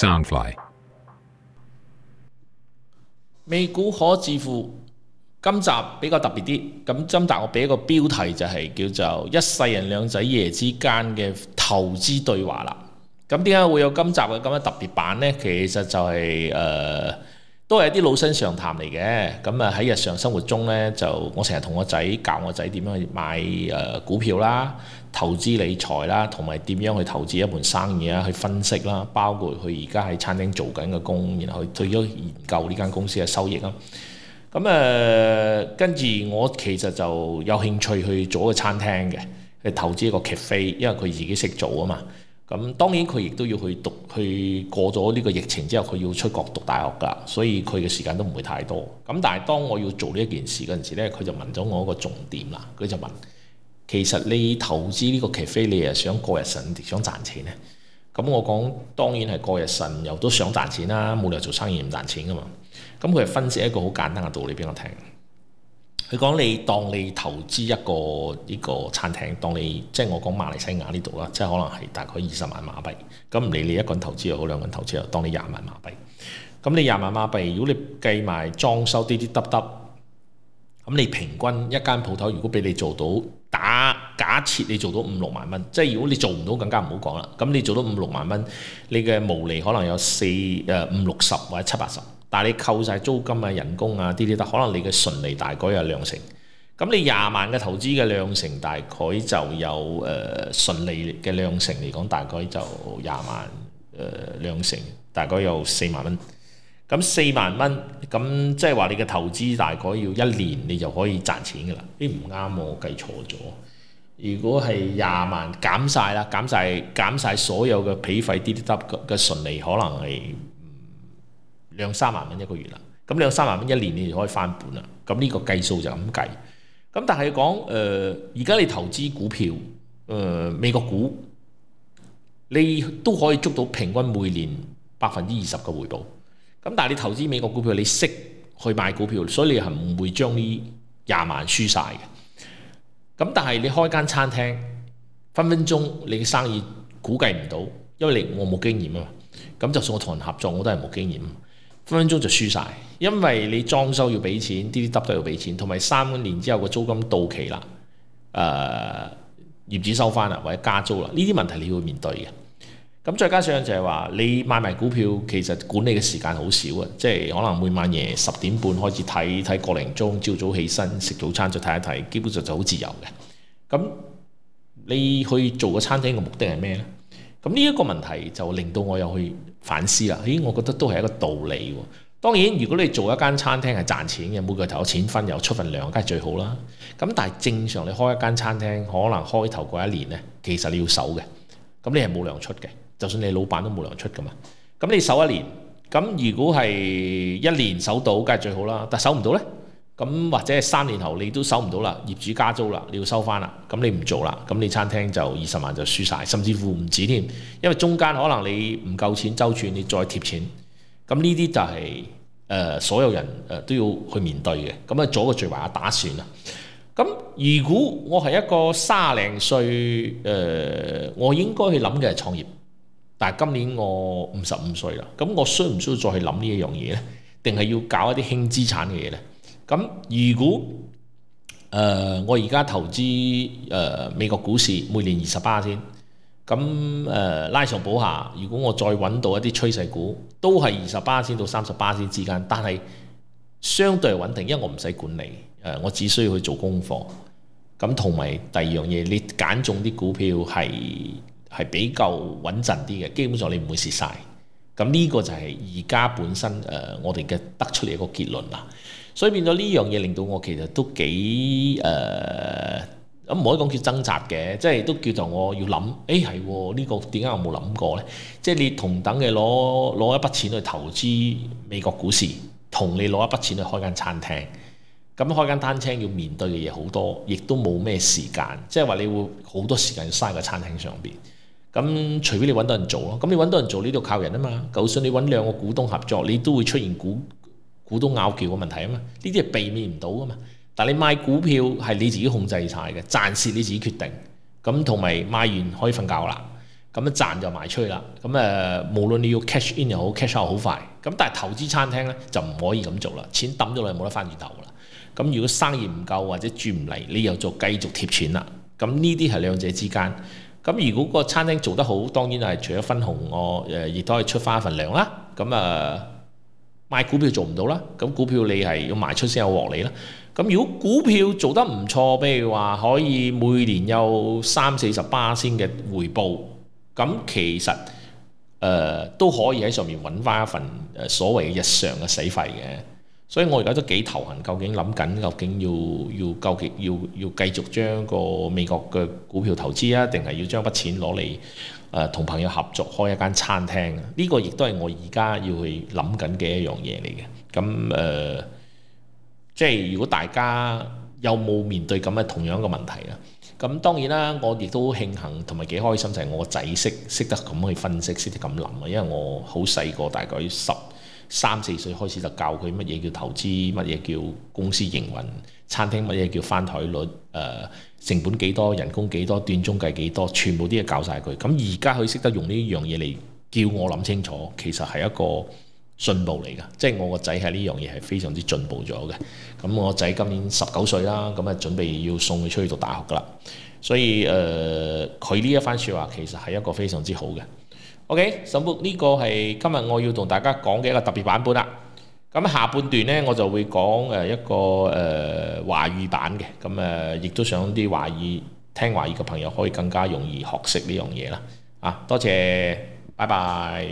Soundfly 美股可致富？今集比較特別啲，咁今集我俾一個標題，就係叫做《一世人兩仔爺之間嘅投資對話》啦。咁點解會有今集嘅咁嘅特別版呢？其實就係、是、誒、呃都係啲老生常談嚟嘅，咁啊喺日常生活中呢，就我成日同我仔教我仔點樣去買誒、呃、股票啦、投資理財啦，同埋點樣去投資一門生意啊、去分析啦，包括佢而家喺餐廳做緊嘅工，然後去退咗研究呢間公司嘅收益啊。咁啊，跟、呃、住我其實就有興趣去做個餐廳嘅，去投資一個咖啡，因為佢自己識做吖嘛。咁當然佢亦都要去讀，去過咗呢個疫情之後，佢要出國讀大學噶，所以佢嘅時間都唔會太多。咁但係當我要做呢一件事嗰陣時咧，佢就問咗我一個重點啦。佢就問：其實你投資呢個咖啡，你係想過日神想賺錢咧？咁我講當然係過日神又都想賺錢啦，冇理由做生意唔賺錢噶嘛。咁佢係分析一個好簡單嘅道理俾我聽。佢講你當你投資一個呢個餐廳，當你即係我講馬來西亞呢度啦，即係可能係大概二十萬馬幣。咁唔理你一個人投資又好，兩個人投資又好，當你廿萬馬幣。咁你廿萬馬幣，如果你計埋裝修啲啲得得，咁你平均一間鋪頭，如果俾你做到打假設你做到五六萬蚊，即係如果你做唔到，更加唔好講啦。咁你做到五六萬蚊，你嘅毛利可能有四誒五六十或者七八十。但係你扣晒租金啊、人工啊啲啲，得，可能你嘅純利大概有兩成。咁你廿萬嘅投資嘅兩成大概就有誒、呃、純利嘅兩成嚟講，大概就廿萬誒、呃、兩成，大概有四萬蚊。咁四萬蚊，咁即係話你嘅投資大概要一年你就可以賺錢㗎啦？呢，唔啱，我計錯咗。如果係廿萬減晒啦，減晒減晒所有嘅皮費，啲啲得嘅嘅純利，可能係。兩三萬蚊一個月啦，咁兩三萬蚊一年你就可以翻本啦。咁，呢個計數就咁計。咁但係講誒，呃，而家你投資股票，誒，呃，美國股，你都可以捉到平均每年百分之二十嘅回報。咁但係你投資美國股票，你識去買股票，所以你係唔會將呢廿萬輸晒嘅。咁但係你開間餐廳，分分鐘你嘅生意估計唔到，因為你我冇經驗啊嘛。咁就算我同人合作，我都係冇經驗。分分鐘就輸晒，因為你裝修要俾錢，啲啲 d o 都要俾錢，同埋三年之後個租金到期啦，誒、呃、業主收翻啦，或者加租啦，呢啲問題你要面對嘅。咁再加上就係話，你買埋股票，其實管理嘅時間好少啊，即係可能每晚夜十點半開始睇睇個零鐘，朝早起身食早餐再睇一睇，基本上就好自由嘅。咁你去做個餐廳嘅目的係咩呢？咁呢一個問題就令到我又去反思啦。咦、哎，我覺得都係一個道理喎。當然，如果你做一間餐廳係賺錢嘅，每個頭有錢分，有出份糧，梗係最好啦。咁但係正常你開一間餐廳，可能開頭嗰一年呢，其實你要守嘅，咁你係冇糧出嘅。就算你老闆都冇糧出㗎嘛，咁你守一年，咁如果係一年守到，梗係最好啦。但守唔到呢？咁或者係三年後你都守唔到啦，業主加租啦，你要收翻啦。咁你唔做啦，咁你餐廳就二十萬就輸晒，甚至乎唔止添。因為中間可能你唔夠錢周轉，你再貼錢。咁呢啲就係誒所有人誒都要去面對嘅。咁啊，做個最壞嘅打算啦。咁如果我係一個三廿零歲誒，我應該去諗嘅係創業。但係今年我五十五歲啦，咁我需唔需要再去諗呢一樣嘢呢？定係要搞一啲輕資產嘅嘢呢？咁如果誒、呃、我而家投資誒、呃、美國股市每年二十八先，咁誒、呃、拉上補下，如果我再揾到一啲趨勢股，都係二十八先到三十八先之間，但係相對係穩定，因為我唔使管理，誒、呃、我只需要去做功課。咁同埋第二樣嘢，你揀中啲股票係係比較穩陣啲嘅，基本上你唔會蝕晒。咁呢個就係而家本身誒、呃、我哋嘅得出嚟一個結論啦。所以變咗呢樣嘢令到我其實都幾誒，咁、呃、唔可以講叫掙扎嘅，即係都叫做我要諗，誒係喎，呢個點解我冇諗過呢？即係你同等嘅攞攞一筆錢去投資美國股市，同你攞一筆錢去開間餐廳，咁開間餐廳要面對嘅嘢好多，亦都冇咩時間，即係話你會好多時間嘥喺個餐廳上面。咁除非你揾到人做咯，咁你揾到人做，呢度靠人啊嘛。就算你揾兩個股東合作，你都會出現股。股東拗撬嘅問題啊嘛，呢啲係避免唔到噶嘛。但係你賣股票係你自己控制晒嘅，賺蝕你自己決定。咁同埋賣完可以瞓覺啦，咁樣賺就賣出去啦。咁誒，無論你要 cash in 又好 cash out 好快。咁但係投資餐廳咧就唔可以咁做啦，錢揼咗落冇得翻轉頭啦。咁如果生意唔夠或者轉唔嚟，你又做繼續貼錢啦。咁呢啲係兩者之間。咁如果個餐廳做得好，當然係除咗分紅，我誒亦都可以出翻一份糧啦。咁誒。呃買股票做唔到啦，咁股票你係要賣出先有獲利啦。咁如果股票做得唔錯，譬如話可以每年有三四十巴仙嘅回報，咁其實誒、呃、都可以喺上面揾翻一份誒所謂嘅日常嘅使費嘅。所以我而家都幾頭痕，究竟諗緊究竟要要究竟要要繼續將個美國嘅股票投資啊，定係要將筆錢攞嚟誒同朋友合作開一間餐廳？呢、這個亦都係我而家要去諗緊嘅一樣嘢嚟嘅。咁誒、呃，即係如果大家有冇面對咁嘅同樣嘅問題啊？咁當然啦，我亦都慶幸同埋幾開心就，就係我仔識識得咁去分析，識得咁諗啊！因為我好細個，大概十。三四歲開始就教佢乜嘢叫投資，乜嘢叫公司營運，餐廳乜嘢叫翻台率，誒、呃、成本幾多，人工幾多，段鐘計幾多，全部啲嘢教晒佢。咁而家佢識得用呢樣嘢嚟叫我諗清楚，其實係一個進步嚟㗎，即係我個仔係呢樣嘢係非常之進步咗嘅。咁我仔今年十九歲啦，咁啊準備要送佢出去讀大學㗎喇。所以誒，佢、呃、呢一番說話其實係一個非常之好嘅。OK，首部呢個係今日我要同大家講嘅一個特別版本啦。咁下半段咧，我就會講誒一個誒華語版嘅。咁誒，亦都想啲華語聽華語嘅朋友可以更加容易學識呢樣嘢啦。啊，多謝，拜拜。